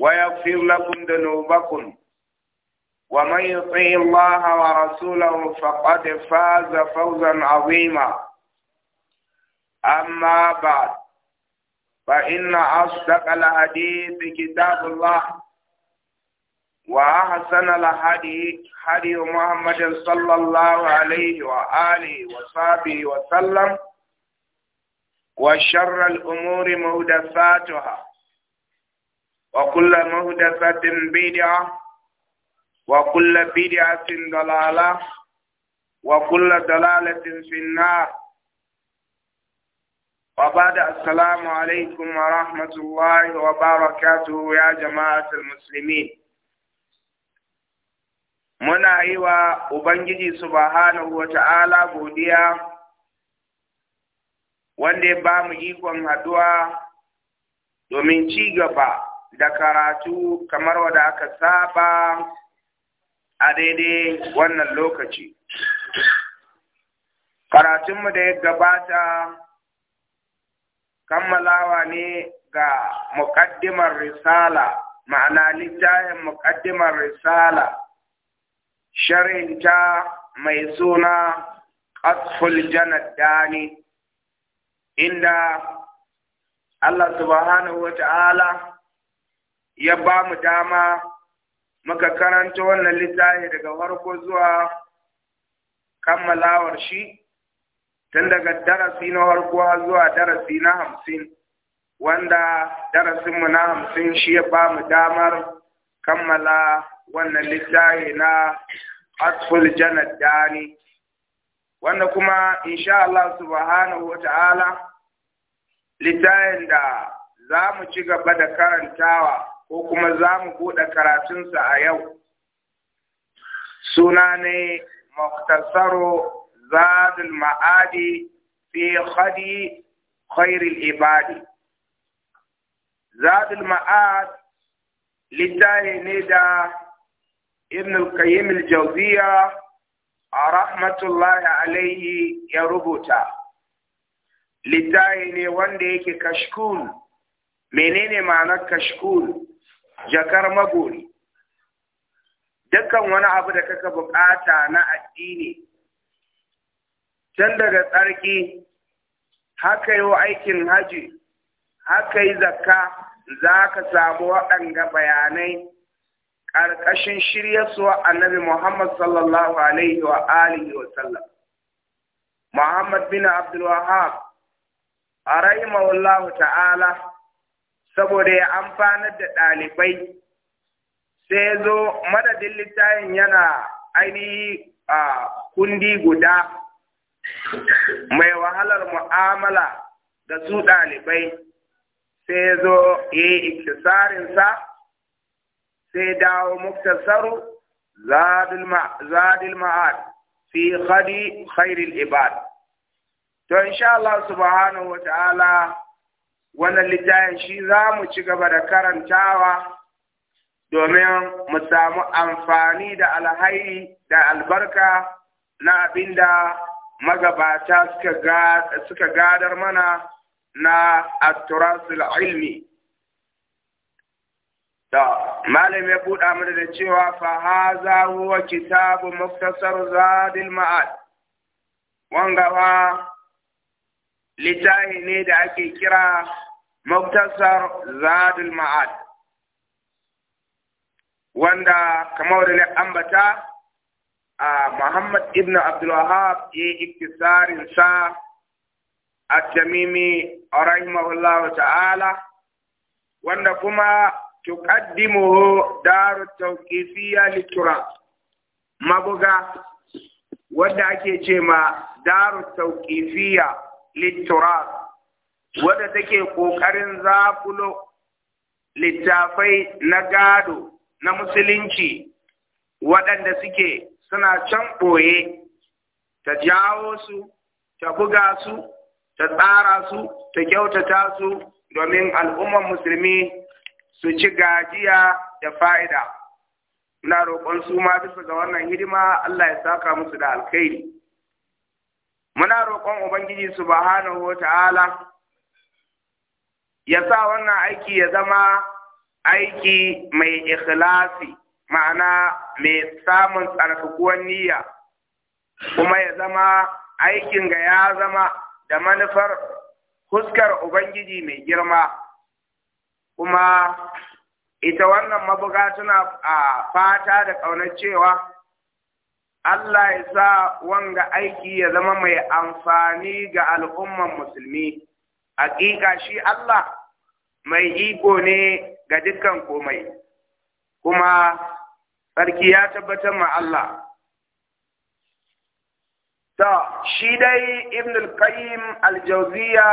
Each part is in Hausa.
ويغفر لكم ذنوبكم ومن يطع الله ورسوله فقد فاز فوزا عظيما أما بعد فإن أصدق الحديث كتاب الله وأحسن الحديث حديث محمد صلى الله عليه وآله وصحبه وسلم وشر الأمور محدثاتها Waƙula mafita sadin bidiyo, waƙula bidiyo sun dalala, waƙula dalalin sun finna, wa ba alaikum wa rahmatu wa aiki ya jama'a ta musulmi. Muna yiwa Ubangiji Subahana, Uwa ta'ala Godiya, wanda ba mu ikon haduwa domin ci gaba. da karatu kamar wadda aka saba a daidai wannan lokaci. Karatunmu da ya gabata kammalawa ne ga muƙaddimar risala, ma'ana littafin muƙaddimar risala, sharinta mai suna ƙasful Janar Dani, inda Allah subhanahu wa ta'ala ya ba mu dama muka karanta wannan littafi daga farko zuwa kammalawar shi tun daga darasi na farko zuwa darasi na hamsin wanda darasinmu na hamsin shi ya ba mu damar kammala wannan littafi na asful janar dani wanda kuma insha Allah subhanahu wa ta'ala littafin da za mu ci gaba da karantawa ko kuma za mu buɗe karatunsa a yau suna ne muktasaro zadul ma'adi fi khadi khairul ibadi zadul ma'ad littaye ne da ibn al-qayyim al-jawziya a rahmatullahi alaihi ya rubuta littaye ne wanda yake kashkul menene ma'anar kashkul jakar magori dukkan wani abu da kaka bukata na addini can daga tsarki haka yi aikin haji haka yi zakka za ka samu waɗanga bayanai ƙarƙashin shiryarsuwa annabi Muhammad sallallahu alaihi wa alihi wa sallam. Muhammad bin Abdul a rahimahullahu ta'ala, saboda ya amfanar da ɗalibai sai zo madadin littafin yana ainihi a kundi guda mai wahalar mu'amala da su ɗalibai sai zo ya yi iktisarinsa sai dawo muktasaru zadil ma'ad fi khadi khairil ibad to insha Allah subhanahu wa ta'ala wannan littafin shi za mu ci gaba da karantawa domin mu samu amfani da alhairi da albarka na abinda magabata suka gadar mana na atturasul ilmi da malam ya buɗa mana da cewa fa haza huwa kitabu muftasar zadil ma'ad wanga littafi ne da ake kira muktasar zadul ma'ad wanda kamar da na ambata a Muhammad ibn Abdulwahab Wahab ya iktisarin sa at-Tamimi rahimahullahu ta'ala wanda kuma tuqaddimuhu daru tawqifiyya litura mabuga wanda ake ce ma daru tawqifiyya litura wadda take ƙoƙarin zakulo littafai na gado na musulunci waɗanda suke suna can ɓoye ta jawo su ta buga su ta tsara su ta kyautata su domin al'ummar musulmi su ci gajiya da fa'ida na roƙon su ma bisa ga wannan hidima Allah ya saka musu da alkhairi muna roƙon ubangiji subhanahu wa ta'ala ya sa wannan aiki ya zama aiki mai ikhlasi ma'ana mai samun tsarkakuwar niyya kuma ya zama aikin ga ya zama da manufar fuskar ubangiji mai girma kuma ita wannan mabuga tana a fata da ƙaunar cewa Allah ya sa wanga aiki ya zama mai amfani ga al'umman musulmi hakika shi Allah mai iko ne ga dukkan komai kuma sarki ya tabbatar ma Allah ta shi dai ibn al-qayyim al-jawziya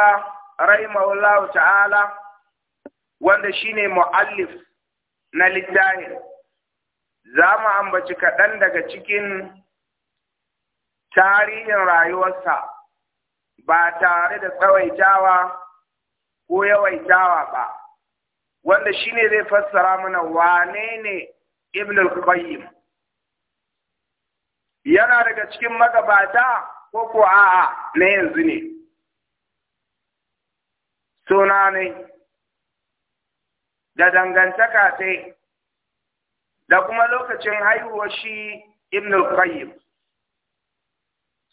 rahimahullahu ta'ala wanda shine muallif na littafin za mu ambaci kaɗan daga cikin tarihin rayuwarsa ba tare da tsawaitawa ko yawaitawa ba wanda shine zai fassara mana wane ne ibn al-qayyim yana daga cikin magabata ko ko a'a na yanzu ne suna ne da dangantaka sai da kuma lokacin haihuwar shi ibn al-qayyim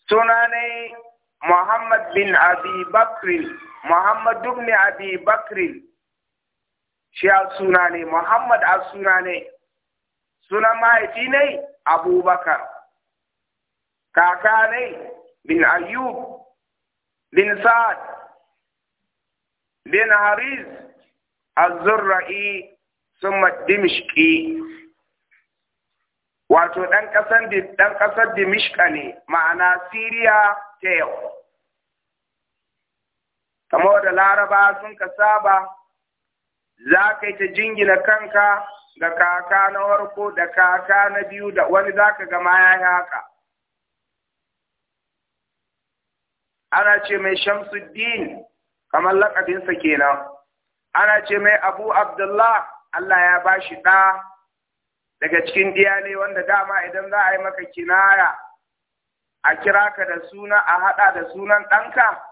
suna ne Muhammad bin Abi Bakr Muhammad ibn Abi Bakr shi a suna ne Muhammad a suna ne sunan mahaifi ne Abubakar kaka ne bin Ayyub bin Sa'ad bin Haris Az-Zurra'i summa Dimishqi wato 'dan ƙasar Dimishka ne ma'ana Siriya teo yau kamar da laraba sun ka saba za ka yi ta jingina kanka ga kaka na warko da kaka na biyu da wani za ka gama ya yi haka ana ce mai shamsuddin kamar lakabinsa kenan ana ce mai abu abdullah Allah ya ba shi ɗa daga cikin ɗiya ne wanda dama idan za a yi maka kinaya a kira ka da suna a haɗa da sunan ɗanka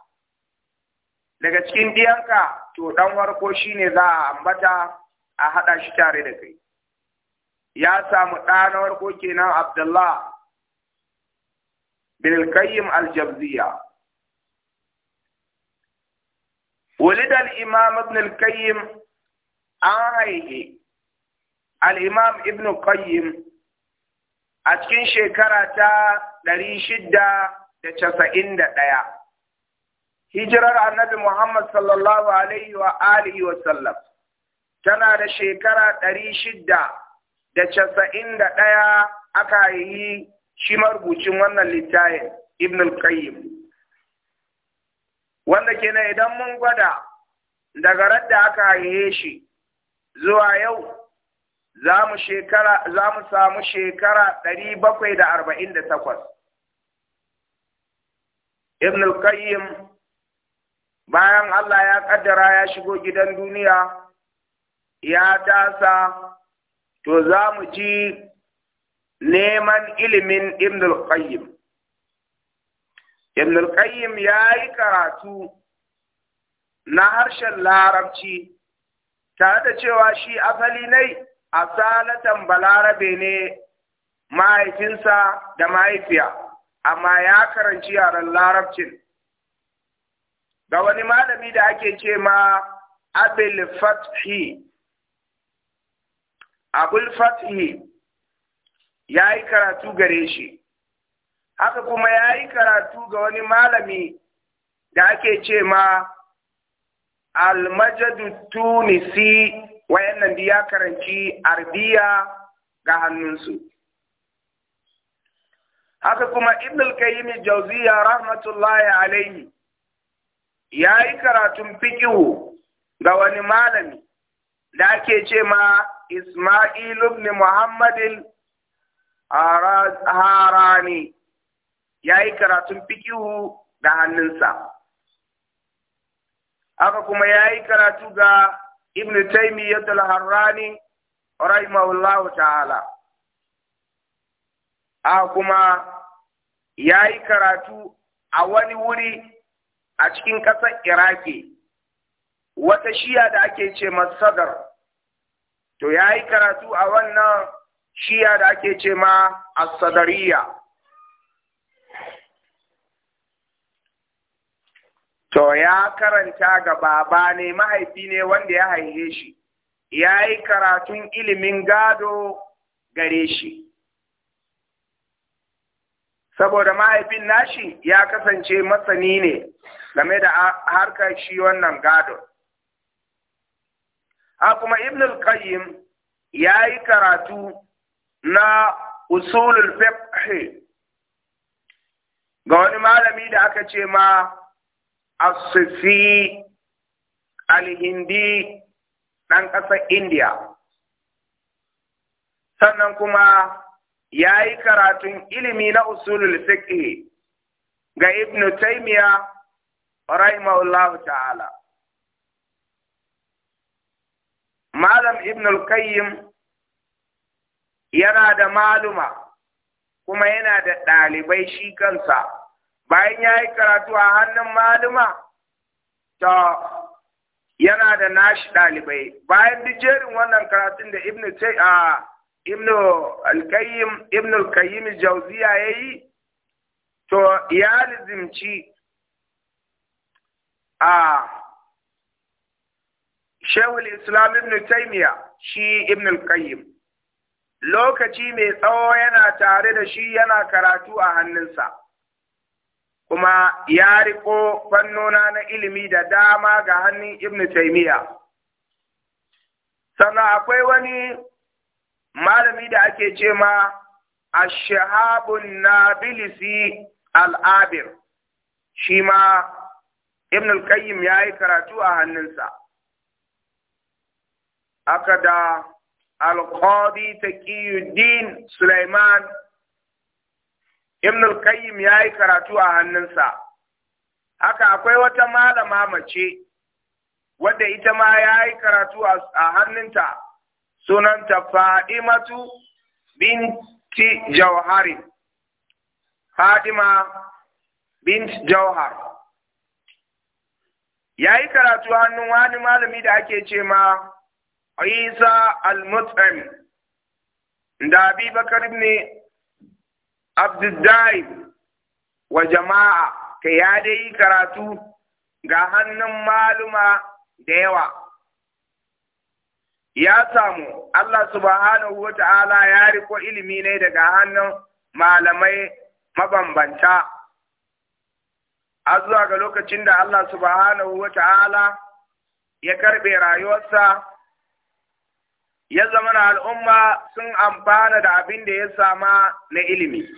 daga cikin ɗiyanka to ɗan warko shi ne za a ambata a haɗa shi tare da kai ya samu ɗa na warko kenan abdullah bin alkayyim aljabziya ولد الإمام ابن القيم an haihi al'imam ibn qayyim a cikin shekara ta ɗari shida da casa'in da ɗaya. Hijirar annabi Muhammad sallallahu Alaihi wa alihi wa sallam tana da shekara ɗari shida da casa'in da ɗaya aka yi shi marubucin wannan littayin Ibn al-Qayyim. Wanda kenan idan mun gwada daga radda aka haihe shi zuwa yau za mu samu shekara za da samu shekara 748 ibn al-qayyim bayan Allah ya ƙaddara ya shigo gidan duniya ya tasa to za mu ji neman ilimin ibn al-qayyim ibn al-qayyim ya yi karatu na harshen larabci tare da cewa shi asali nai asalatan balarabe ne mahaifinsa da mahaifiya amma ya karanci yaren larabcin ga wani malami da ake ce ma abul fathi abul fathi ya yi karatu gare shi haka kuma ya yi karatu ga wani malami da ake ce ma almajadu tunisi wayannan ya karanci arbiya ga hannunsu haka kuma ibn al-qayyim jawziya rahmatullahi alayhi yayi karatun fiqhu ga wani malami da ake ce ma Isma'il ibn Muhammad harani yayi karatun fiqhu ga hannunsa haka kuma yayi karatu ga ibn taymiyyah al-harrani rahimahullahu ta'ala a kuma yayi karatu a wani wuri a cikin ƙasar iraki wata shiya da ake ce masadar to yayi karatu a wannan shiya da ake ce ma as-sadariya to ya karanta ga baba ne mahaifi ne wanda ya haife shi ya yi karatun ilimin gado gare shi saboda mahaifin nashi ya kasance masani ne game da harkar shi wannan gado a kuma ibn al ya yi karatu na usulul fiqh ga wani malami da aka ce ma Asisi Alihindi ɗan ƙasar India. Sannan kuma ya yi karatun ilimi na usulul fiqh ga Ibn Taymiya rahimahullah ta'ala. Malam Ibn al-Qayyim yana da maluma kuma yana da ɗalibai shi kansa. bayan ya yi karatu a hannun malama ta yana da nashi ɗalibai bayan duk jerin wannan karatun da ibnu al-qayyim ibnu al-qayyim yayi to ya lizimci a Shehul Islam Ibn ta'imiya, shi Ibn al-Qayyim lokaci mai tsawo yana tare da shi yana karatu a hannunsa kuma ya riko fannona na ilimi da dama ga hannun ibn Taimiyya. sannan akwai wani malami da ake ce ma a ashahabun nabilisi al'abir shi ma ibn al ya yi karatu a hannunsa aka da alqadi taqiyuddin sulaiman ibn al-qayyim yayi karatu a hannunsa haka akwai wata malama mace wadda ita ma yayi karatu a hannunta sunanta fadimatu binti jawhari fadima bint jauhar yayi karatu a hannun wani malami da ake ce ma isa al-mut'im da abi bakar ne abdullahi wa jama'a ka ya dai karatu ga hannun maluma da yawa ya samu Allah subhanahu wa ta'ala ya riko ilimi ne daga hannun malamai mabambanta a zuwa ga lokacin da Allah subhanahu wa ta'ala ya karɓe rayuwarsa ya zama na al'umma sun amfana da abin da ya sama na ilimi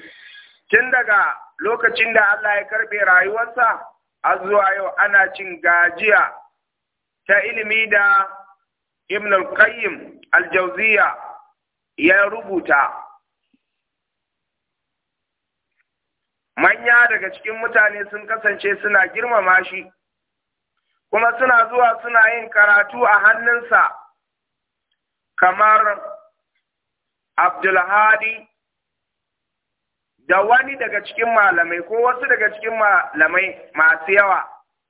tun daga lokacin da Allah ya karbe rayuwarsa a zuwa yau ana cin gajiya ta ilimi da ibn al-qayyim al-jawziya ya rubuta manya daga cikin mutane sun kasance suna girmama shi kuma suna zuwa suna yin karatu a hannunsa kamar Abdulhadi da wani daga cikin malamai ko wasu daga cikin malamai masu yawa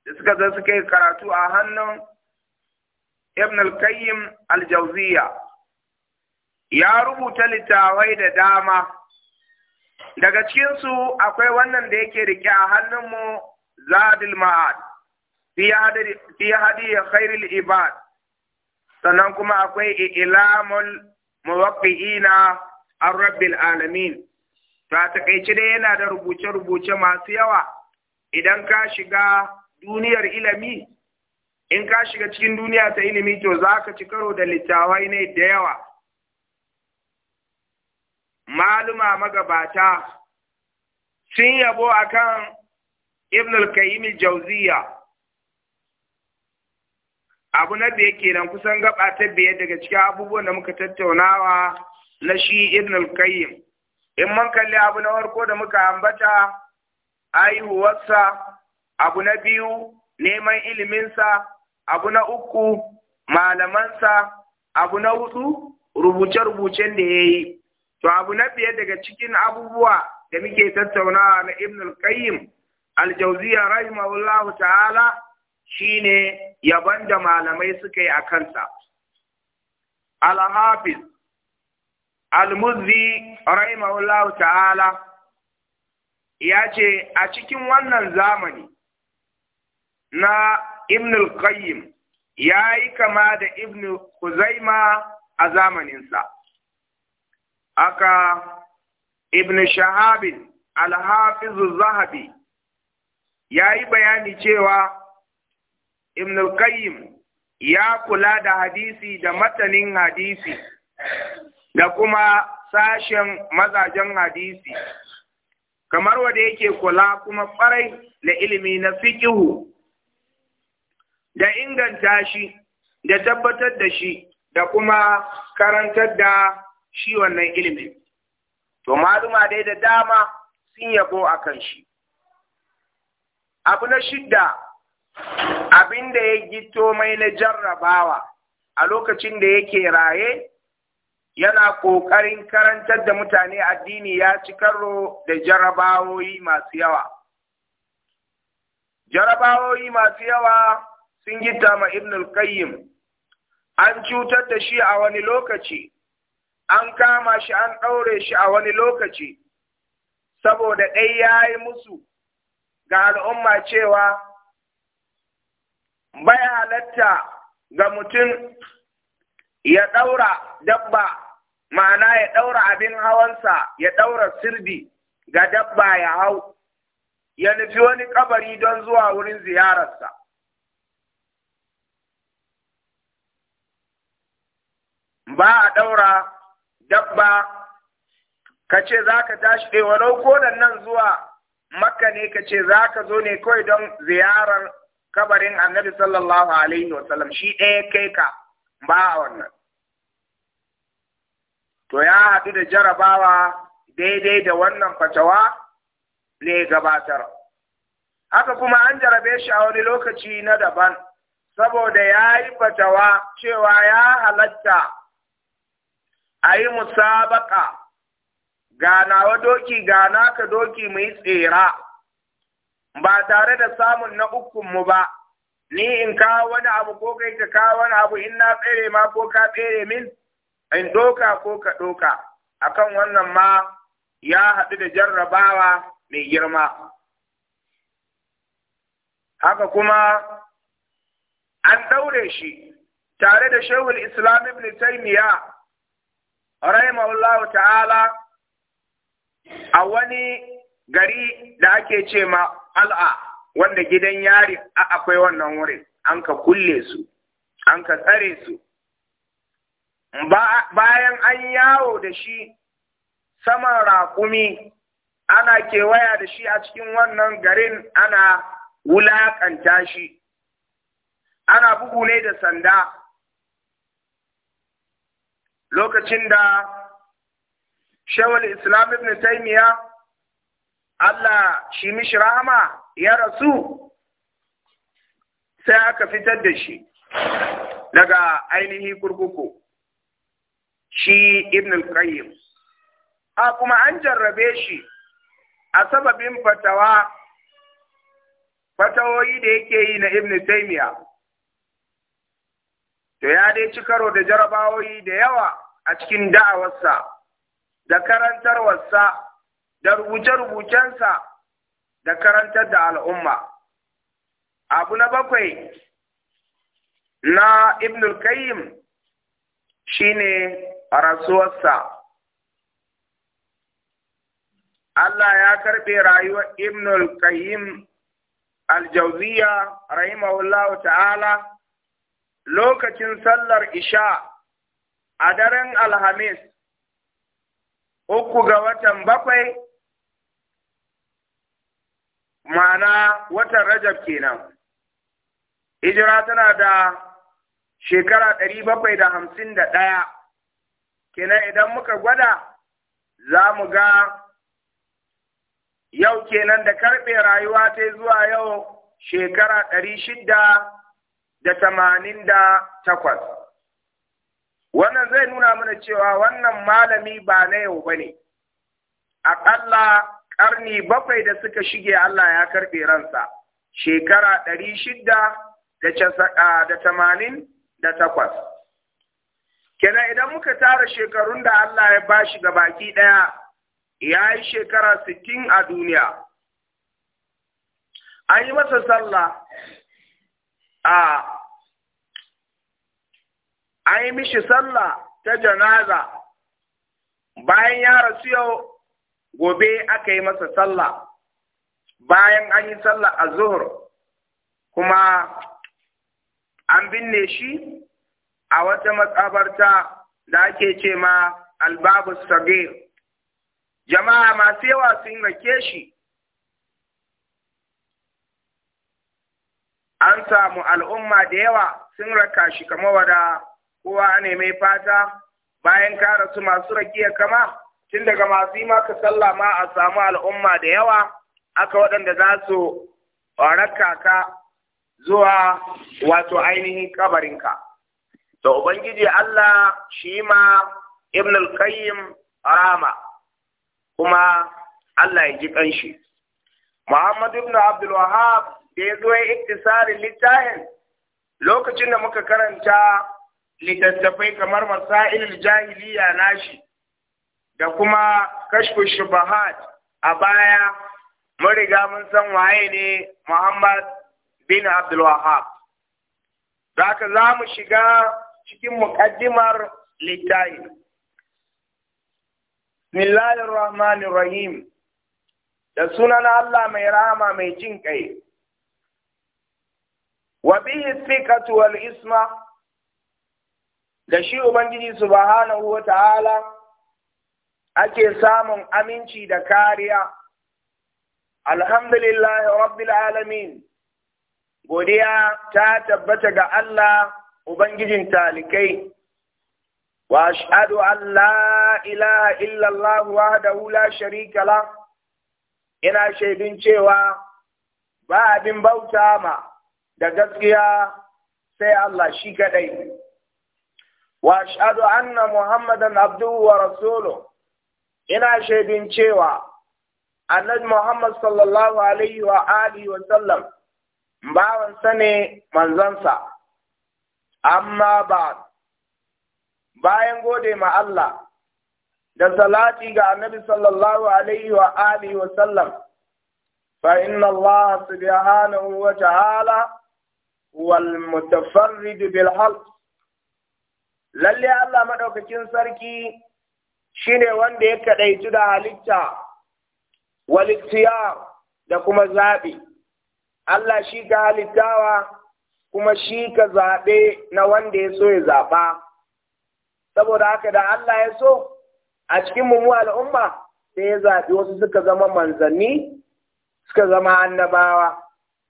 da suka zo suka yi karatu a hannun Ibn al-Qayyim al-Jawziya ya rubuta littawai da dama daga cikinsu akwai wannan da yake rike a hannunmu zadil ma'ad fi hadi khairul ibad sannan kuma akwai ilamul muwaqqi'ina an rabbil alamin ta takaice dai yana da rubuce-rubuce masu yawa idan ka shiga duniyar ilimi in ka shiga cikin duniya ta ilimi to za ka ci karo da littawai ne da yawa maluma magabata sun yabo akan ibn al-qayyim jauziya abu na biye kenan kusan gaba ta biye daga cikin abubuwan da muka tattaunawa na shi ibn al-qayyim in mun kalli abu na farko da muka ambata aihuwarsa abu na biyu neman iliminsa abu na uku malamansa abu na hudu rubuce-rubucen da ya yi to abu na biye daga cikin abubuwa da muke tattaunawa na ibn al-qayyim al-jawziya rahimahullahu ta'ala Shi shine yaban da malamai suka yi a kansa. al almuzi rai muzzi ta'ala, ya ce, A cikin wannan zamani na Ibn al-Qayyim ya yi kama da Ibn Kuzaima a zamaninsa. Aka Ibn Shahabin, al Zahabi, ya yi bayani cewa ibn al-qayyim ya kula da hadisi da matanin hadisi da kuma sashen mazajen hadisi kamar wanda yake kula kuma kwarai da ilimi na fikihu da inganta shi da tabbatar da shi da kuma karantar da shi wannan ilimi to maluma dai da dama sun yabo akan shi abu na shidda abin da ya gito mai na jarrabawa a lokacin da yake raye yana ƙoƙarin karantar da mutane addini ya ci karo da jarrabawoyi masu yawa. Jarrabawoyi masu yawa sun gita ma Ibn al-Qayyim, an cutar da shi a wani lokaci, an kama shi an ɗaure shi a wani lokaci, saboda ɗai ya yi musu ga al'umma cewa bai halatta ga mutum ya ɗaura dabba ma'ana ya ɗaura abin hawansa ya ɗaura sirdi ga dabba ya hau ya nufi wani kabari don zuwa wurin ziyararsa ba a ɗaura dabba ka ce za ka tashi ɗewa eh, ko nan zuwa makka ne ka ce za ka zo ne kawai don ziyarar kabarin annabi sallallahu alaihi wa sallam shi ɗaya kai ka ba a wannan to ya haɗu da jarabawa daidai da wannan fatawa ne gabatar haka kuma an jarabe shi a wani lokaci na daban saboda ya yi fatawa cewa ya halatta a yi musabaka ganawa doki gana ka doki mai tsera ba tare da samun na mu ba, ni in kawo wani abu ko kai ka kawo wani abu in na tsere ma ko ka tsere min, in ɗoka ko ka ɗoka, akan wannan ma ya haɗu da jarrabawa mai girma. Haka kuma an ɗaure shi tare da shehu Islam ibn Taymiya, rahimahullahu ta'ala, a wani gari da ake ce ma al'a wanda gidan yari a akwai wannan wurin an ka kulle su an ka tsare su bayan an yawo da shi saman raƙumi ana kewaya da shi a cikin wannan garin ana wulaƙanta shi ana bugu ne da sanda lokacin da shawar islam ibn taimiya Allah shi mishi rahama ya rasu sai aka fitar da shi daga ainihi kurkuku shi ibn al-qayyim a kuma an jarrabe shi a sababin fatawa fatawoyi da yake yi na ibn taymiya to ya dai ci karo da jarabawoyi da yawa a cikin da'awarsa da karantarwarsa da rubuce-rubucensa da karantar da al'umma. Abu na bakwai na Ibn al shi ne rasuwarsa. Allah ya karɓe rayuwar Ibn al-Qayyim rahimahullahu ta'ala lokacin sallar Isha a daren Alhamis, uku ga watan bakwai ma'ana watan rajab kenan hijira tana da shekara ɗari bakwai da hamsin da ɗaya kenan idan muka gwada za mu ga yau kenan da karɓe rayuwa ta zuwa yau shekara ɗari shida da tamanin da takwas wannan zai nuna mana cewa wannan malami ba na yau ba ne aƙalla Karni bakwai da suka shige Allah ya karɓe ransa shekara ɗari shida da tamanin da takwas. Kenan idan muka tara shekarun da Allah ya bashi ga baki ɗaya ya yi shekara sittin a duniya. An yi masa sallah a an yi mishi sallah ta janaza bayan ya rasu yau gobe aka yi masa sallah bayan an yi sallah a zuhur kuma an binne shi a wata matsabarta da ake ce ma albabu sagir jama'a masu yawa sun rake shi an samu al'umma da yawa sun raka shi kama wada kowa ne mai fata bayan ka rasu masu rakiya kama tun daga masu yi maka sallah ma a samu al'umma da yawa aka waɗanda za su raka ka zuwa wato ainihin kabarinka to ubangiji Allah shi ma ibn al rama kuma Allah ya ji ƙanshi. Muhammad ibn Abdul Wahab da ya zo ya iktisarin littafin lokacin da muka karanta littattafai kamar masailul jahiliya nashi da kuma kashfu shubahat a baya mun riga mun san waye ne Muhammad bin Abdul Wahhab zaka za mu shiga cikin muqaddimar littafi Bismillahir Rahmanir Rahim da sunan Allah mai rama mai jin kai wa bihi thiqatu wal isma da shi ubangiji subhanahu wa ta'ala ake samun aminci da kariya alhamdulillah rabbil alamin godiya ta tabbata ga Allah ubangijin talikai wa ashhadu an la ilaha illa Allah wahdahu la sharika ina shaidun cewa ba abin bauta ma da gaskiya sai Allah shi kaɗai. wa ashhadu anna muhammadan abduhu wa rasuluhu ina shaidin cewa annabi Muhammad sallallahu alaihi wa alihi wa sallam bawansa ne manzansa amma ba bayan gode ma Allah da salati ga annabi sallallahu alaihi wa alihi wa sallam fa inna Allah subhanahu wa ta'ala wal mutafarrid bil halq lalle Allah madaukakin sarki shine wanda ya kadaitu da halitta waliktiyar da kuma zaɓi Allah shi ka halittawa kuma shi ka zaɓe na wanda ya so ya zaɓa saboda haka da Allah ya so a cikin mummu al'umma sai ya zaɓi wasu suka zama manzanni suka zama annabawa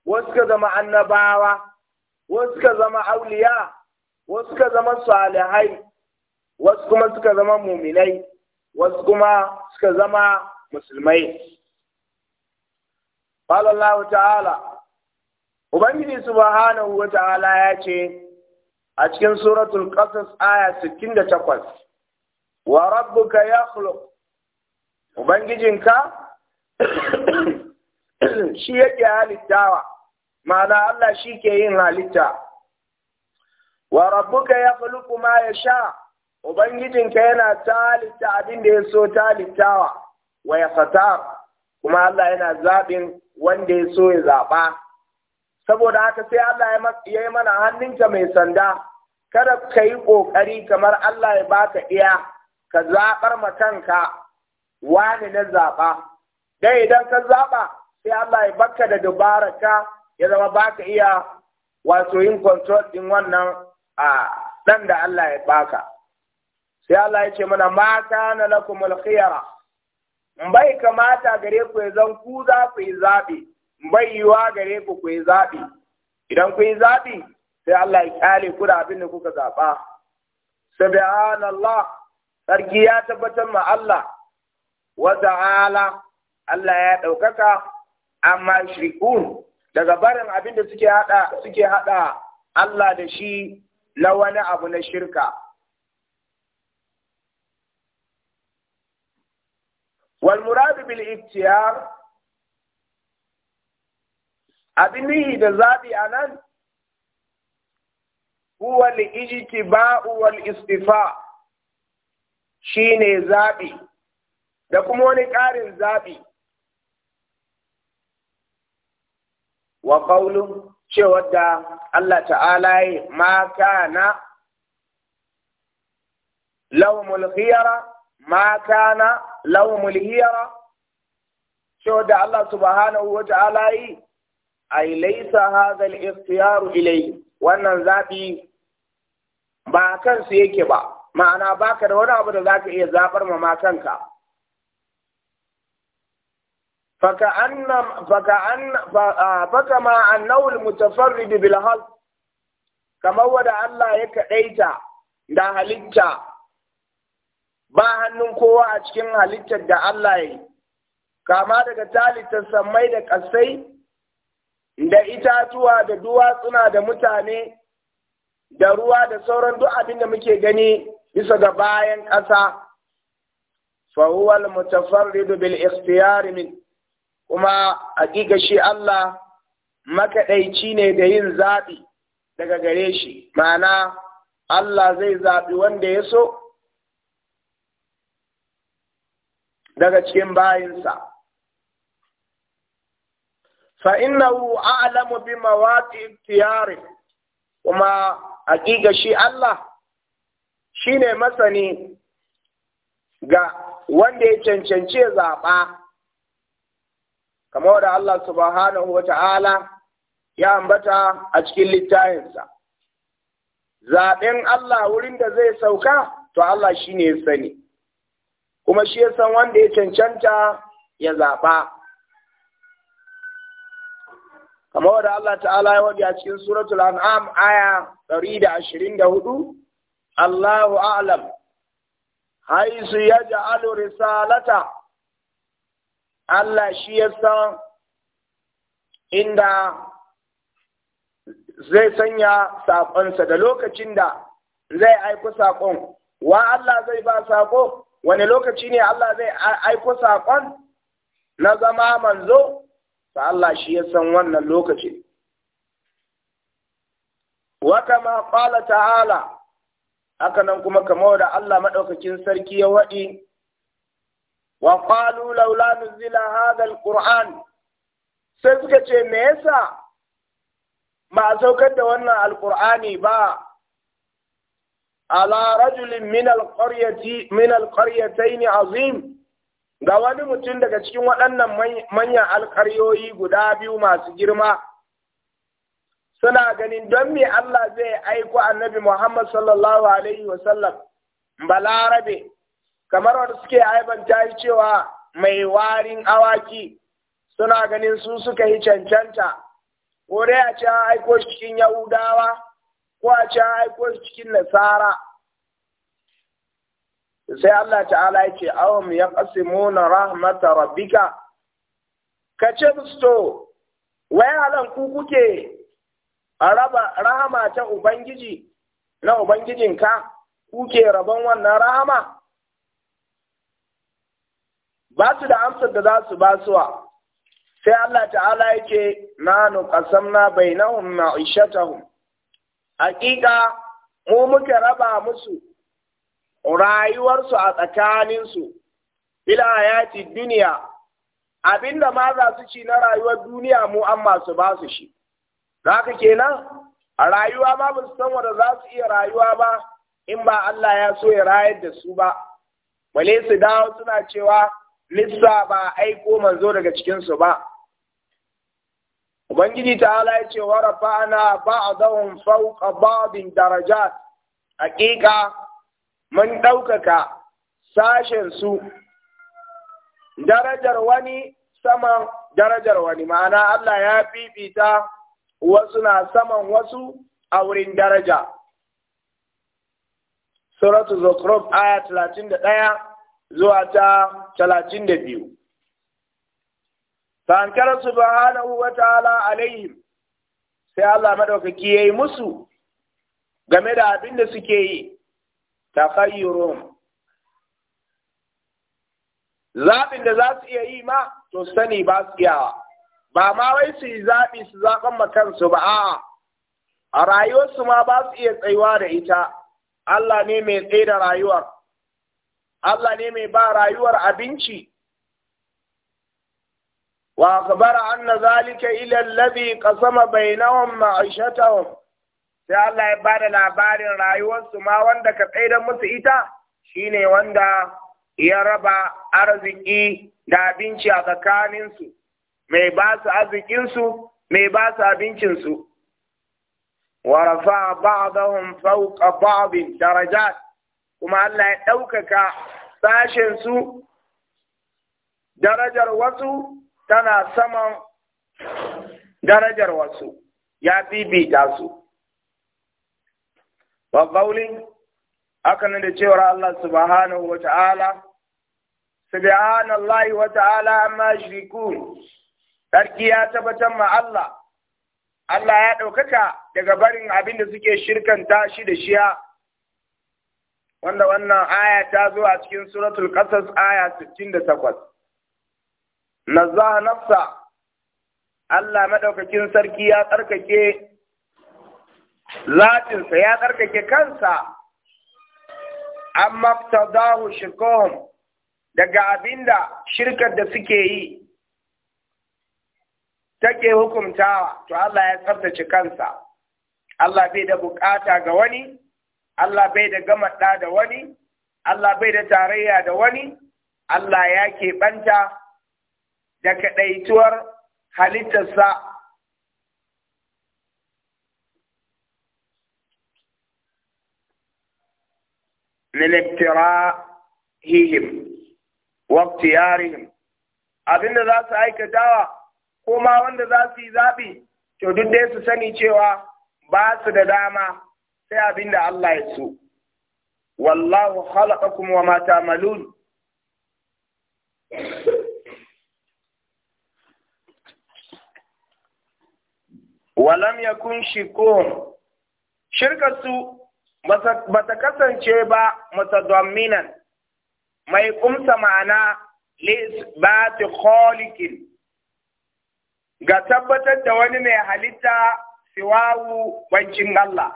wasu suka zama annabawa wasu suka zama auliya wasu suka zama salihai wasu kuma suka zama muminai wasu kuma suka zama musulmai Allah ta'ala Ubangiji subhanahu wa ta'ala ya ce a cikin suratul qasas aya 68 wa rabbuka yakhluq ubangijinka shi yake halittawa ma'ana Allah shi ke yin halitta wa rabbuka ya ma sha? Ubangijinka yana talita abin da ya so talitawa wa ya fata kuma Allah yana zaɓin wanda ya so ya zaɓa. Saboda haka sai Allah ya yi mana hannunka mai sanda, kada ka yi ƙoƙari kamar Allah ya baka iya ka zaɓar ma kanka wani na zaɓa. Dai idan ka zaɓa sai Allah ya baka da ka ya zama baka iya wato yin control ɗin wannan a ɗan da Allah ya baka. sai Allah ya ce mana mata na lakum alkhiyara bai kamata gare ku zan ku za ku yi zabi bai yiwa gare ku ku yi zabi idan ku yi zabi sai Allah ya kyale ku da abin da kuka zaba subhanallah sarki ya tabbatar ma Allah wa ta'ala Allah ya ɗaukaka amma shirkun daga barin abin da suke hada suke hada Allah da shi na wani abu na shirka wal muradu bil ikhtiyar abin nihi da zabi anan huwa al ijtiba'u wal istifa shine zaɓi. da kuma wani ƙarin zaɓi. wa qawlu cewa da Allah ta'ala yi ma kana lahumul khiyara ma lahumul hiyara cewa da Allah subhanahu wa ta'ala yi ai laisa hadha al-ikhtiyaru ilayhi wannan zabi ba kansu yake ba ma'ana baka da wani abu da zaka iya zaɓar ma ma kanka faka ma annawul mutafarrid bil hal kamar wada Allah ya kaɗaita da halitta ba hannun kowa a cikin halittar da Allah ya yi, kama daga talitar sammai da ƙasai, da itatuwa da duwatsuna da mutane, da ruwa da sauran duk abin da muke gani bisa ga bayan ƙasa. Fahuwal mutafarridu bil ikhtiyari min kuma hakika shi Allah makaɗaici ne da yin zaɓi daga gare shi, ma'ana Allah zai zaɓi wanda ya so. daga cikin bayinsa fa wu a'lamu bi mawaqi tiyari kuma hakika shi Allah shine masani ga wanda ya cancanci zaɓa kamar da Allah subhanahu wa ta'ala ya ambata a cikin littafinsa zaɓen Allah wurin da zai sauka to Allah shine ya sani kuma shi ya san wanda ya cancanta ya zaɓa. Kamar wadda Allah ta'ala ya wadi a cikin suratul an'am aya 124, Allahu a'lam, haisu ya ja'alu risalata, Allah shi ya san inda zai sanya saƙonsa da lokacin da zai aiku saƙon, wa Allah zai ba saƙo? wani lokaci ne Allah zai aiko saƙon na zama manzo ta Allah shi ya san wannan lokaci Wata kama ta ta'ala haka nan kuma kamar da Allah maɗaukakin sarki ya waɗi wa qalu laula nuzila hadha sai suka ce me yasa ba a saukar da wannan Alƙur'ani ba ala rajulin min alqaryati min alqaryatayn azim ga wani mutum daga cikin waɗannan manyan alkaryoyi guda biyu masu girma suna ganin don me Allah zai aiko annabi Muhammad sallallahu alaihi wa sallam? balarabe kamar wanda suke ta yi cewa mai warin awaki suna ganin su suka yi cancanta ko dai a ce aiko cikin Yahudawa kwace a cikin nasara sai Allah ta'ala ya ce awam ya qasimuna rahmata rabbika ka ce musu to halan ku kuke raba rahama ta ubangiji na ubangijinka kuke rabon wannan rahama ba su da amsar da za su ba suwa sai Allah ta'ala ya ce na nuqasamna bainahum ma'ishatahum hakika mu muka raba musu rayuwarsu a tsakaninsu bil ayati duniya abinda ma za su ci na rayuwar duniya mu an masu ba su shi Za ka kenan a rayuwa ma ba su san wanda za su iya rayuwa ba in ba Allah ya so ya rayar da su ba bale su dawo suna cewa lissa ba aiko manzo daga cikinsu ba ubangiji ta'ala ya ce ba a ba'dahum fawqa ba'din darajat haƙiƙa mun ɗaukaka sashen su darajar wani sama darajar wani ma'ana Allah ya fifita wasu na saman wasu a wurin daraja. Suratu Zukhruf aya ɗaya zuwa ta biyu. ba فأنكر سبحانه وتعالى alaihim, sai Allah maɗaukaki ya yi musu game da abin da suke yi takayyurun zaɓin da za su iya yi ma to sani ba su iyawa ba ma wai su yi zaɓi su zaɓen ma kansu ba a'a a rayuwarsu ma ba su iya tsayuwa da ita Allah ne mai tsaye da rayuwar Allah ne mai ba rayuwar abinci وأخبر أن ذلك إلى الذي قسم بينهم معيشتهم sai Allah ya bada labarin rayuwarsu ma wanda ka da musu ita shine wanda ya raba arziki da abinci a tsakaninsu mai ba su arzikinsu mai ba su abincinsu wa rafa ba'dahum fawqa ba'din darajat kuma Allah ya ɗaukaka sashen su darajar wasu tana saman darajar wasu ya bibita su wa haka nan da cewar Allah subhanahu wa ta'ala subhanallahi wa ta'ala amma shiriku, sarki ya tabbatar ma Allah Allah ya ɗaukaka daga barin abin da suke shirkanta shi da shiya wanda wannan aya ta zo a cikin suratul qasas aya 68 a nafsa Allah madaukakin sarki ya tsarkake lafinsa, ya tsarkake kansa amma tadahu shirkohum daga abinda shirkar da suke yi take hukumtawa to Allah ya tsaftace kansa Allah bai da bukata ga wani Allah bai da gamaɗa da wani Allah bai da tarayya da wani Allah ya keɓanta da kaɗaituwar halittarsa min ibtirahihim wa abin da za su aikatawa ko ma wanda za su yi zaɓi to duk dai su sani cewa ba su da dama sai abin da Allah ya so wallahu khalaqakum wa mata ta'malun walam yakun shikun shirkarsu ba ta kasance ba mutadamminan mai kumsa ma'ana ta kholikin ga tabbatar da wani mai halitta siwawu bancin Allah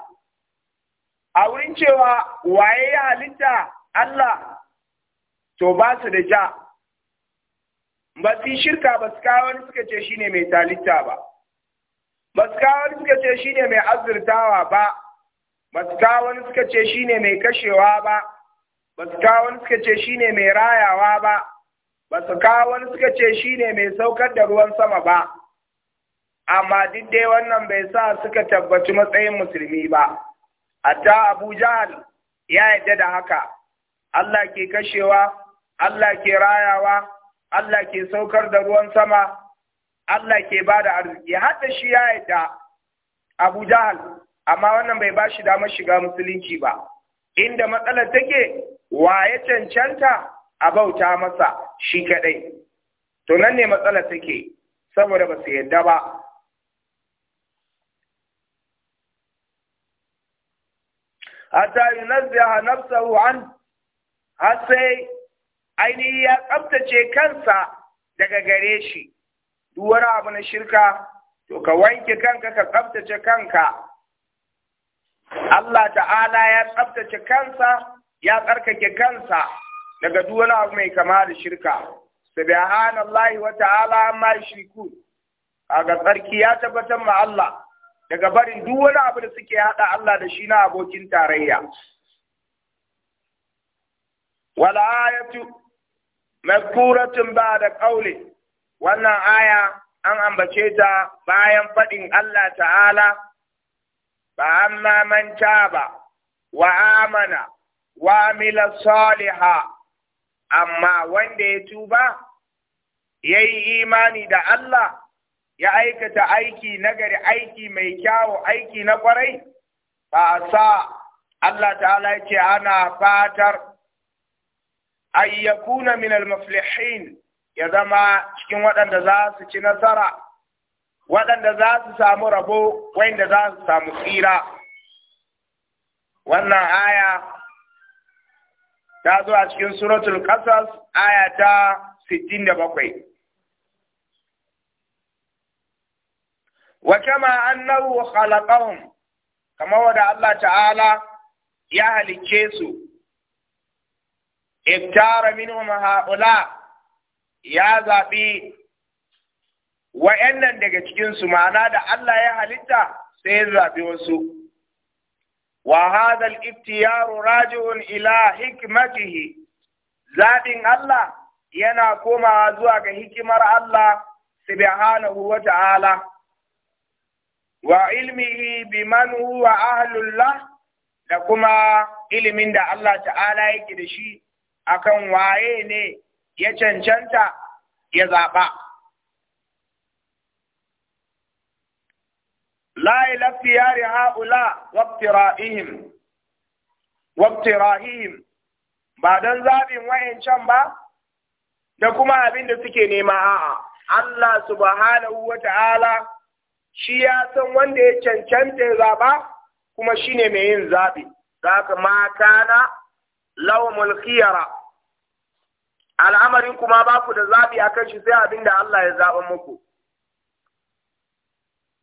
a wurin cewa waye ya halitta Allah to ba su da ja ba su shirka ba su kawo suka ce shine mai talitta ba maskawar suka ce shi mai azurtawa ba maskawar suka ce shi mai kashewa ba maskawar suka ce shi mai rayawa ba maskawar suka ce shi mai saukar da ruwan sama ba amma duk dai wannan bai sa suka tabbaci matsayin musulmi ba hatta abu Jahl ya yadda da haka Allah ke kashewa Allah ke rayawa Allah ke saukar da ruwan sama Allah ke ba da arziki har da shi ya yadda Abu Jahal amma wannan bai ba shi damar shiga musulunci ba inda matsalar take wa ya cancanta a bauta masa shi kadai to nan ne matsalar take saboda ba su yadda ba hatta yunazzaha nafsahu an har sai ainihi ya tsabtace kansa daga gare shi duk wani abu na shirka to ka wanke kanka ka tsabtace kanka Allah ta'ala ya tsabtace kansa ya tsarkake kansa daga duk wani abu mai kama da shirka subhanallahi wa ta'ala amma shirku kaga tsarki ya tabbatar ma Allah daga barin duk wani abu da suke hada Allah da shi na abokin tarayya wala ayatu mazkuratun ba'da qawli wannan aya an ambace ta bayan faɗin Allah ta'ala ba amma man taba wa amana wa amila saliha amma wanda ya tuba ya yi imani da Allah ya aikata aiki nagari aiki mai kyawo aiki na kwarai ba sa Allah ta'ala ce ana fatar ayyakuna min al-muflihin ya zama cikin waɗanda za su ci nasara waɗanda za su samu rabo waɗanda za su samu tsira wannan aya ta zo a cikin suratul qasas aya ta 67 wa kama annahu khalaqahum kama wada Allah ta'ala ya halicce su ibtara minhum haula ya zaɓi wa'yannan daga cikinsu ma'ana da Allah ya halitta sai ya zaɓi wasu. Wa hadhal iftiyaru raji'un ila hikmatihi zaɓin Allah yana komawa zuwa ga hikimar Allah subhanahu wa ta'ala. Wa ilmihi biman huwa ahlullah da kuma ilimin da Allah ta'ala yake da shi akan waye ne ya cancanta ya zaɓa. La ilafi yari ha'ula wabtira'ihim, ba don zaɓin wayancan ba, da kuma abin da suke nema a'a. Allah subhanahu wa ta'ala shi ya san wanda ya cancanta ya zaɓa kuma shi ne mai yin zaɓi, za ka ma kana lawamul khiyara al'amarin kuma ba ku da zaɓi a kan shi sai abin da Allah ya zaɓa muku.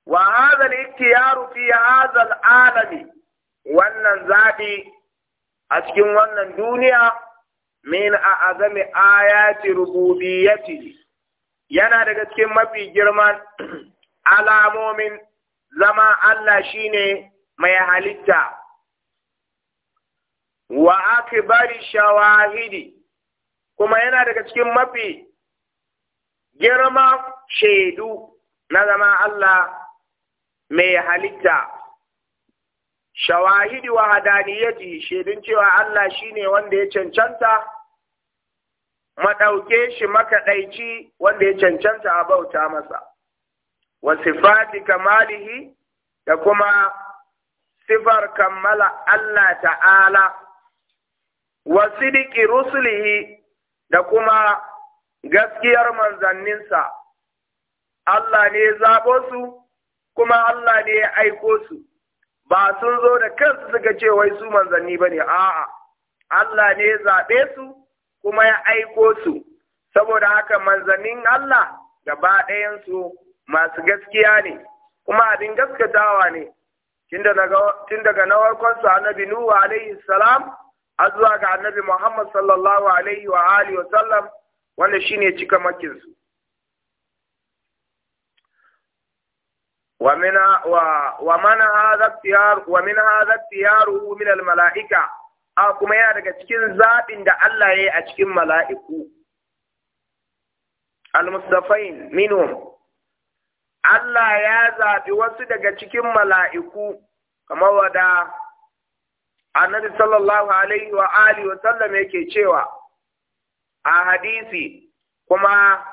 Wa hazal ikhtiyaru fi hazal alami wannan zaɓi a cikin wannan duniya min a azami ayati rububiyyati yana daga cikin mafi girman alamomin zama Allah shine mai halitta wa akbari shawahidi kuma yana daga cikin mafi girma shaidu na zama Allah mai halitta shawahidi wa ji shaidun cewa Allah shine wanda ya cancanta maɗauke shi makaɗaici wanda ya cancanta a bauta masa wa sifati kamalihi da kuma sifar kammala Allah ta'ala wa sidiki rusulihi da kuma gaskiyar manzanninsa, Allah ne ya su, kuma Allah ne ya aiko su, ba sun zo da kansu suka ce wai su manzanni ba ne, a'a, Allah ne ya zaɓe su, kuma ya aiko su, saboda haka manzannin Allah gaba ɗayansu masu gaskiya ne, kuma abin gaskatawa ne, tun daga na farkonsu annabi Nuhu alaihi salam. har zuwa ga annabi Muhammad sallallahu alaihi wa alihi wa sallam wanda shine cika makin su wa min wa wa man hadha wa min hadha malaika a kuma yana daga cikin zabin da Allah ya yi a cikin mala'iku al mustafain minhum Allah ya zabi wasu daga cikin mala'iku kamar wada annabi sallallahu alaihi wa alihi wa sallam yake cewa a hadisi kuma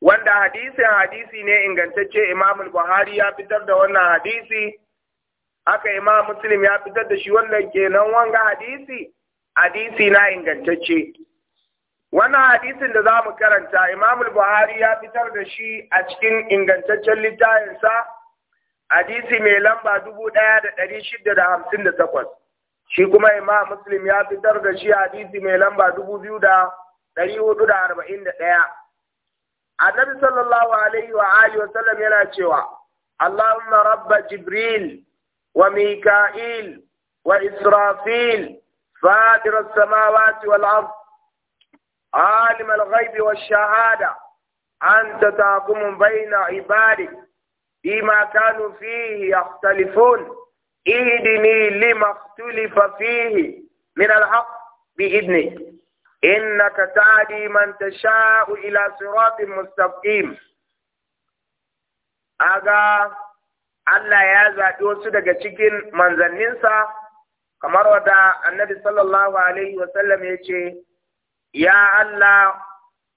wanda hadisin hadisi ne ingantacce Imam Buhari ya fitar da wannan hadisi haka Imam Muslim ya fitar da shi wannan kenan wanga hadisi hadisi na ingantacce wannan hadisin da za mu karanta Imam Buhari ya fitar da shi a cikin ingantaccen littafinsa hadisi mai lamba dubu ɗaya da ɗari shida da hamsin da takwas shi kuma imam muslim ya fitar da shi hadisi mai lamba dubu biyu da ɗari hudu da arba'in da ɗaya annabi sallallahu alaihi wa alihi wasallam yana cewa allahumma rabba jibril wa mika'il wa israfil فاطر السماوات والأرض عالم الغيب والشهادة أنت تحكم بين عبادك فيما كانوا فيه يختلفون اهدني لما اختلف فيه من الحق بإذنك إنك تعدي من تشاء إلى صراط مستقيم أجا Allah ya zaɓi wasu daga cikin manzanninsa kamar wadda annabi sallallahu alaihi wasallam ya ce, Ya Allah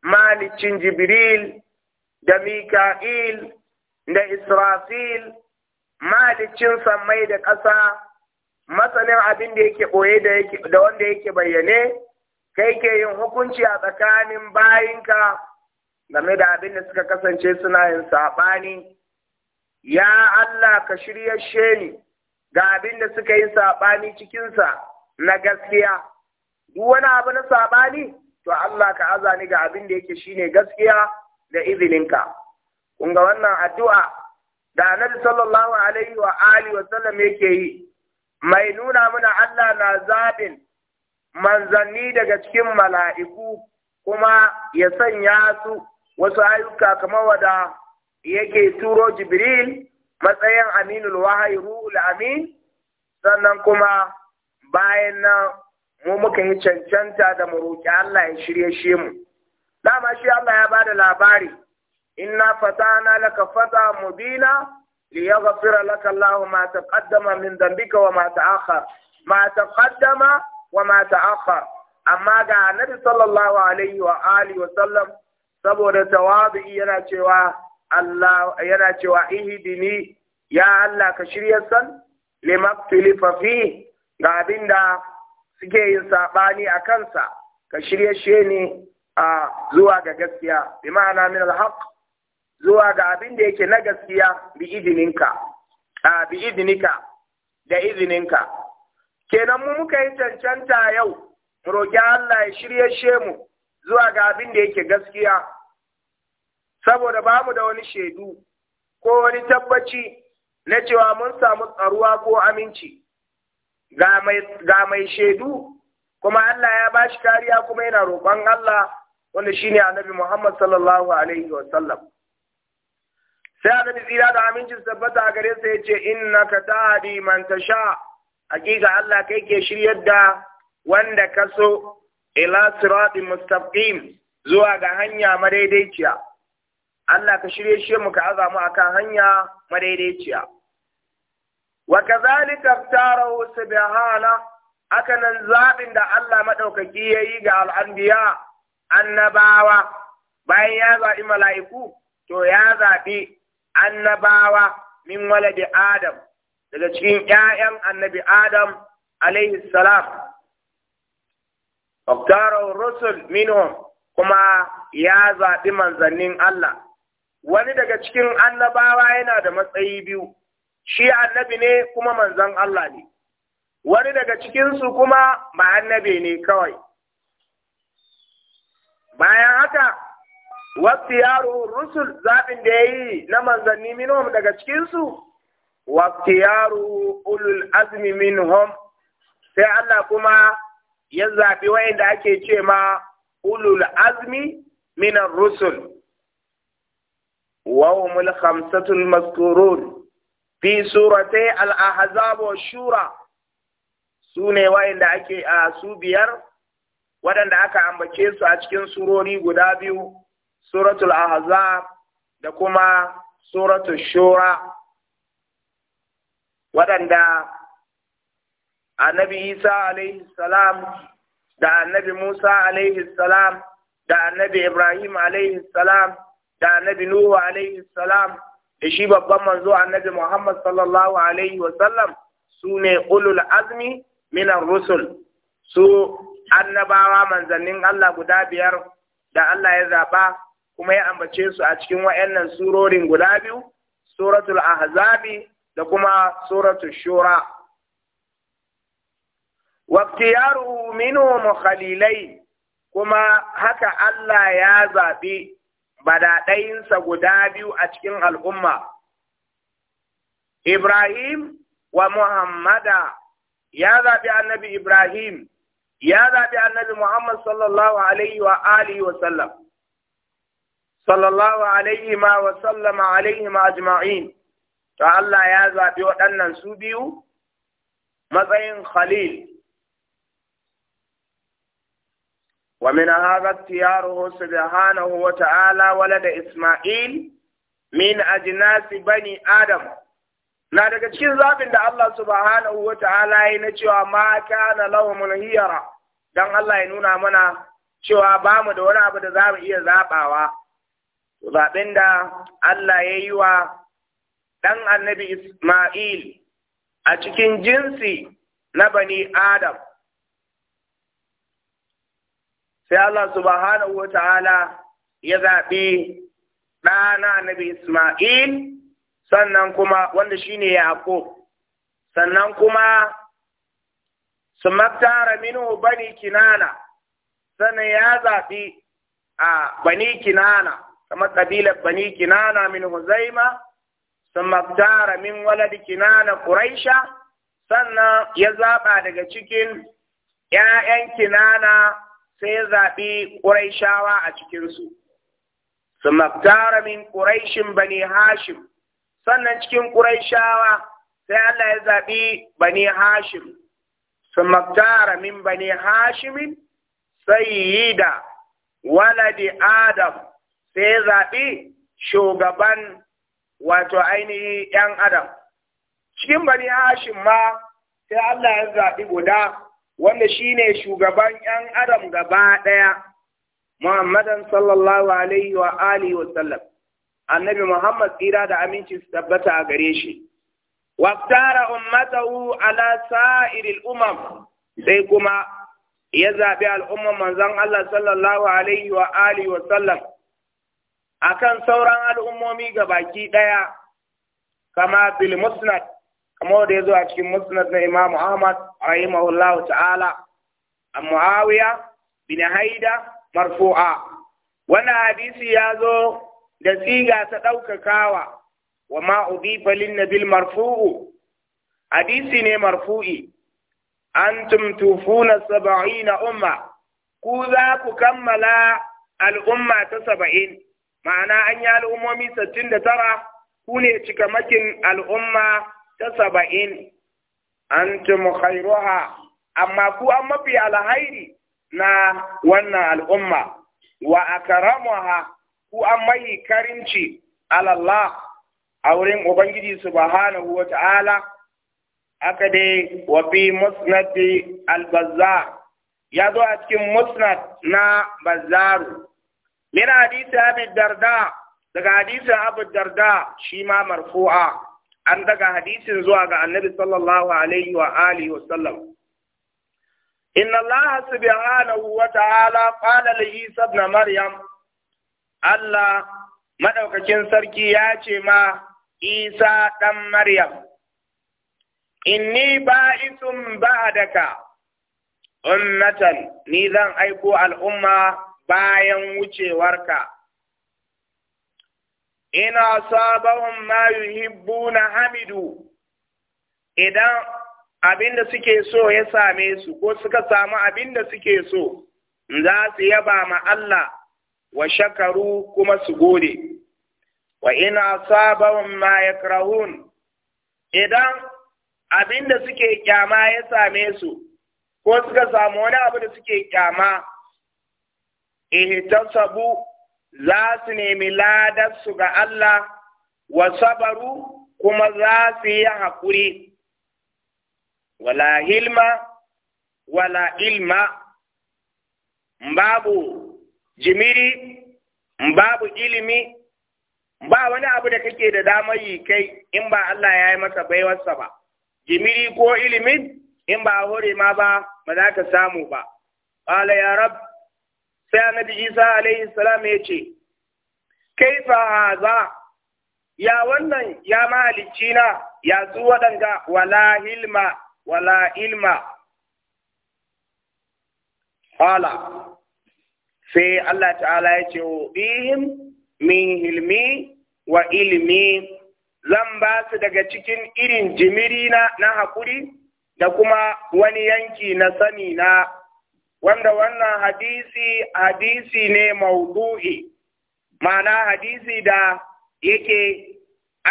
malicin Jibril da Mika'il da Israfil san samai da ƙasa masanin abin da yake ɓoye da wanda yake bayyane kai ke yin hukunci a tsakanin bayinka game da abin da suka kasance suna yin saɓani ya Allah ka shirya ni ga abin da suka yi saɓani cikinsa na gaskiya duk wani abu na saɓani to Allah ka aza ni ga abin da yake shine gaskiya da izininka kun wannan addu'a da annabi sallallahu alaihi wa alihi wa sallam yake yi mai nuna mana Allah na zabin manzanni daga cikin mala'iku kuma ya sanya su wasu ayyuka kamar wada yake turo Jibril matsayin aminul wahayi ruhul amin sannan kuma bayan nan mu muka yi cancanta da mu roƙi Allah ya shirye shi mu dama shi Allah ya bada labari inna fatana laka fata mubina ليغفر لك الله ما تقدم من ذنبك وما تأخر ما تقدم وما تأخر أما قال النبي صلى الله عليه وآله وسلم saboda tawadu'i yana cewa Allah yana cewa ihdini ya Allah ka shirya san limaktilifa fi ga abin da suke yin saɓani a kansa ka shirya shi ne a zuwa ga gaskiya bi zuwa ga abin da yake na gaskiya bi izininka a bi izinika da izininka kenan mu muka yi cancanta yau mu roƙi Allah ya shirye she mu zuwa ga abin da yake gaskiya saboda ba mu da wani shaidu ko wani tabbaci na cewa mun samu tsaruwa ko aminci ga mai shaidu kuma Allah ya bashi kariya kuma yana roƙon Allah wanda shine annabi Muhammad sallallahu alaihi wa sallam sai bi tsira da amincin tabbata gare sa yace ka tahdi man tasha hakika Allah kai ke shiryar da wanda ka so ila siratin mustaqim zuwa ga hanya madaidaiciya Allah ka shirye shi mu ka azamu akan hanya madaidaiciya wa kazalika tarahu subhana nan zabin da Allah madaukaki yayi ga al'anbiya annabawa bayan ya zaɓi mala'iku to ya zaɓi annabawa min waladi Adam daga cikin ‘ya'yan annabi Adam alaihi salam. Oktarar Rusul minhum kuma ya zaɓi manzannin Allah. Wani daga cikin annabawa yana da matsayi biyu, shi annabi ne kuma manzan Allah ne. Wani daga cikinsu kuma ba annabi ne kawai. Bayan haka, wasu yaro rusul zaɓin da ya yi na manzanni minhum daga cikinsu wasu yaro ulul azmi minhum sai Allah kuma ya zaɓi wa'inda ake ce ma ulul azmi minan rusul maskurun fi المذكورون في سورتي الأحزاب والشورى sune wayanda ake a su biyar waɗanda aka ambace su a cikin surori guda biyu suratul ahzab da kuma suratul shura waɗanda annabi isa alaihi salam da annabi musa alaihi salam da annabi ibrahim alaihi salam da annabi nuhu alaihi salam da shi babban manzo annabi muhammad sallallahu alaihi wasallam su ne ulul azmi minan rusul su annabawa manzannin allah guda biyar da allah ya zaba. kuma ya ambace su a cikin wayannan surorin guda biyu suratul ahzabi da kuma suratul shura waqtiyaru minhum khalilai kuma haka Allah ya zaɓi badaɗayinsa guda biyu a cikin al'umma Ibrahim wa Muhammada ya zaɓi annabi Ibrahim ya zaɓi annabi Muhammad sallallahu alaihi wa alihi wa sallam sallallahu alaihi ma wa sallama alaihi ma to Allah ya zaɓi waɗannan su biyu matsayin khalil ومن هذا اختياره da Isma'il? ولد a من ba ni Adam? na daga cikin zaɓin da Allah subhanahu wa ta'ala ya na cewa ma kana lahumul hiyara Don Allah ya nuna mana cewa ba mu da wani abu da za mu iya zaɓawa zaɓen da Allah ya yi wa ɗan annabi Ismail a cikin jinsi na bani Adam. Sai Allah subhanahu wa ta'ala ya zaɓi ɗana annabi Ismail sannan kuma wanda shine Yaƙub, sannan kuma su maktara minu bani Kinana, sannan ya zaɓi a bani Kinana. kamar ƙabilar bani kinana min huzaima sun maftara min walad kinana quraisha sannan ya zaɓa daga cikin ‘ya'yan kinana sai ya zaɓi ƙuraishawa a cikinsu Su maftara min ƙuraishin bani hashim sannan cikin ƙuraishawa sai Allah ya zaɓi bani hashim sun maftara min bani hashimin sayyida waladi adam sai ya zaɓi shugaban wato ainihi ‘yan Adam. Cikin bani hashin ma sai Allah ya zaɓi guda wanda shi ne shugaban ‘yan Adam gaba ɗaya, Muhammadan sallallahu Alaihi wa Alihi wa sallam, annabi Muhammad tsira da aminci su tabbata a gare shi. Waktara ummatahu ala sa'iril umam sai kuma ya zaɓi al'umman manzan Allah sallallahu Alaihi wa Alihi wa sallam. akan sauran al'ummomi ga baki ɗaya kama bil musnad kama da ya zo a cikin musnad na imam ahmad rahimahullahu ta'ala a muawiya bin haida marfu'a wannan hadisi ya zo da siga ta ɗaukakawa wa ma falin na bil marfu'u hadisi ne marfu'i na saba'i na umma ku za ku kammala al'umma ta saba'in ma'ana an yi al'ummomi sittin da tara ku ne cikamakin al'umma ta saba'in an khairuha amma ku an mafi alhairi na wannan al'umma wa karamuwa ku an mai karinci alallah a wurin ubangiji subhanahu wa ta'ala aka dai wa fi musnad ya zo a cikin musnad na bazzaru min hadisi abi darda daga hadisin abu darda shi ma marfu'a an daga hadisin zuwa ga annabi sallallahu alaihi wa alihi wa sallam inna allaha subhanahu wa ta'ala qala li isa maryam allah madaukakin sarki ya ce ma isa ɗan maryam inni ba'isun ba'daka ummatan ni zan aiko al'umma bayan wucewarka ina sabon ma yuhibbu na hamidu idan abin da suke so ya same su ko suka samu abin da suke so za su yaba ma Allah wa shakaru kuma su gode wa ina sabon ma yakrahun idan abin da suke kyama ya same su ko suka samu wani abu da suke kyama ihtasabu za su nemi ladar ga Allah wa sabaru kuma za su yi haƙuri wala hilma wala ilma babu jimiri babu ilimi ba wani abu da kake da damar yi kai in ba Allah ya yi masa baiwarsa ba jimiri ko ilimin in ba hore ma ba ba za ka samu ba ƙala ya rabu sai annabi isa alaihi salam ya ce kaifa haza ya wannan ya mahalicci na ya su waɗanga wala ilma wala ilma Hala. sai Allah ta'ala ya ce bihim min hilmi wa ilmi zan ba su daga cikin irin jimiri na na haƙuri da kuma wani yanki na sani na wanda wannan hadisi hadisi ne maudu'i ma'ana hadisi da yake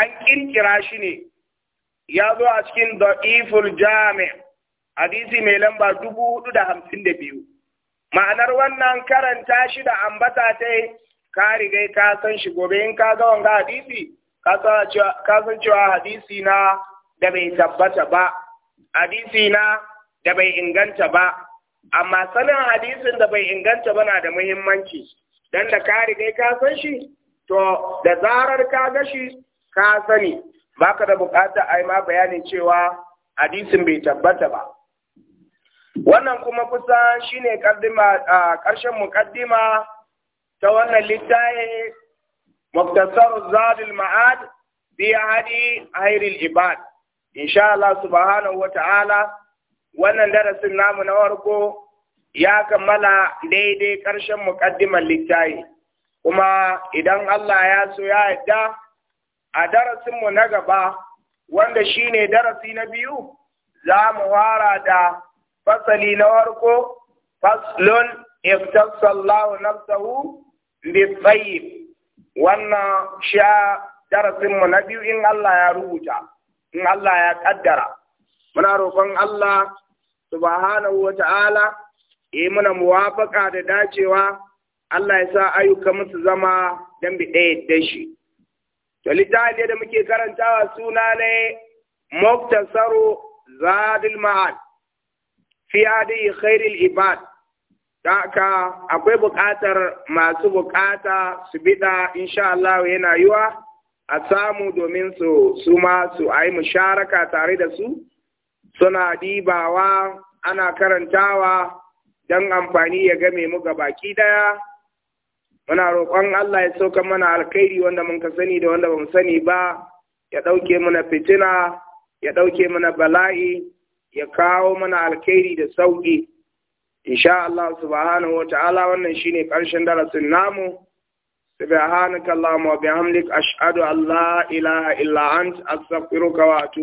an kirkira shi ne ya zo a cikin da'iful jami hadisi mai lamba dubu hudu da hamsin da biyu ma'anar wannan karanta shi da ambata ta yi ka rigai ka san shi gobe in ka ga wanga hadisi ka san cewa hadisi na da bai tabbata ba hadisi na da bai inganta ba amma sanin hadisin da bai inganta bana da muhimmanci dan da ka riga ka san shi to da zarar ka ga shi ka sani ka da bukata ai ma bayanin cewa hadisin bai tabbata ba wannan kuma kusan shine kaddima karshen mukaddima ta wannan littafi muktasar zadul ma'ad bi hadi hairil ibad insha Allah subhanahu wa ta'ala wannan darasin namu na farko ya kammala daidai ƙarshen muƙaddimar littafi kuma idan Allah ya so ya yadda a darasinmu na gaba wanda shine darasi na biyu za mu fara da fasali na farko faslun iftasallahu nafsahu bi tayyib wannan sha darasinmu na biyu in Allah ya rubuta in Allah ya kaddara muna roƙon Allah subhanahu wa ta'ala yi muna muwafaka da dacewa Allah ya sa ayyuka musu zama don bi ɗaya da shi. To littafi da muke karantawa suna ne Muktasaru Zadul Ma'ad fi hadi khairil ibad da akwai buƙatar masu buƙata su biɗa insha Allah yana yiwa a samu domin su su ma su ayi musharaka tare da su suna dibawa ana karantawa don amfani ya game mu ga baki daya muna roƙon Allah ya sauka mana alkhairi wanda mun ka sani da wanda bamu sani ba ya ɗauke mana fitina ya ɗauke mana bala'i ya kawo mana alkhairi da sauƙi insha Allah subhanahu wa ta'ala wannan shine ƙarshen darasin namu subhanakallahumma wa bihamdik ashhadu an la ilaha illa ant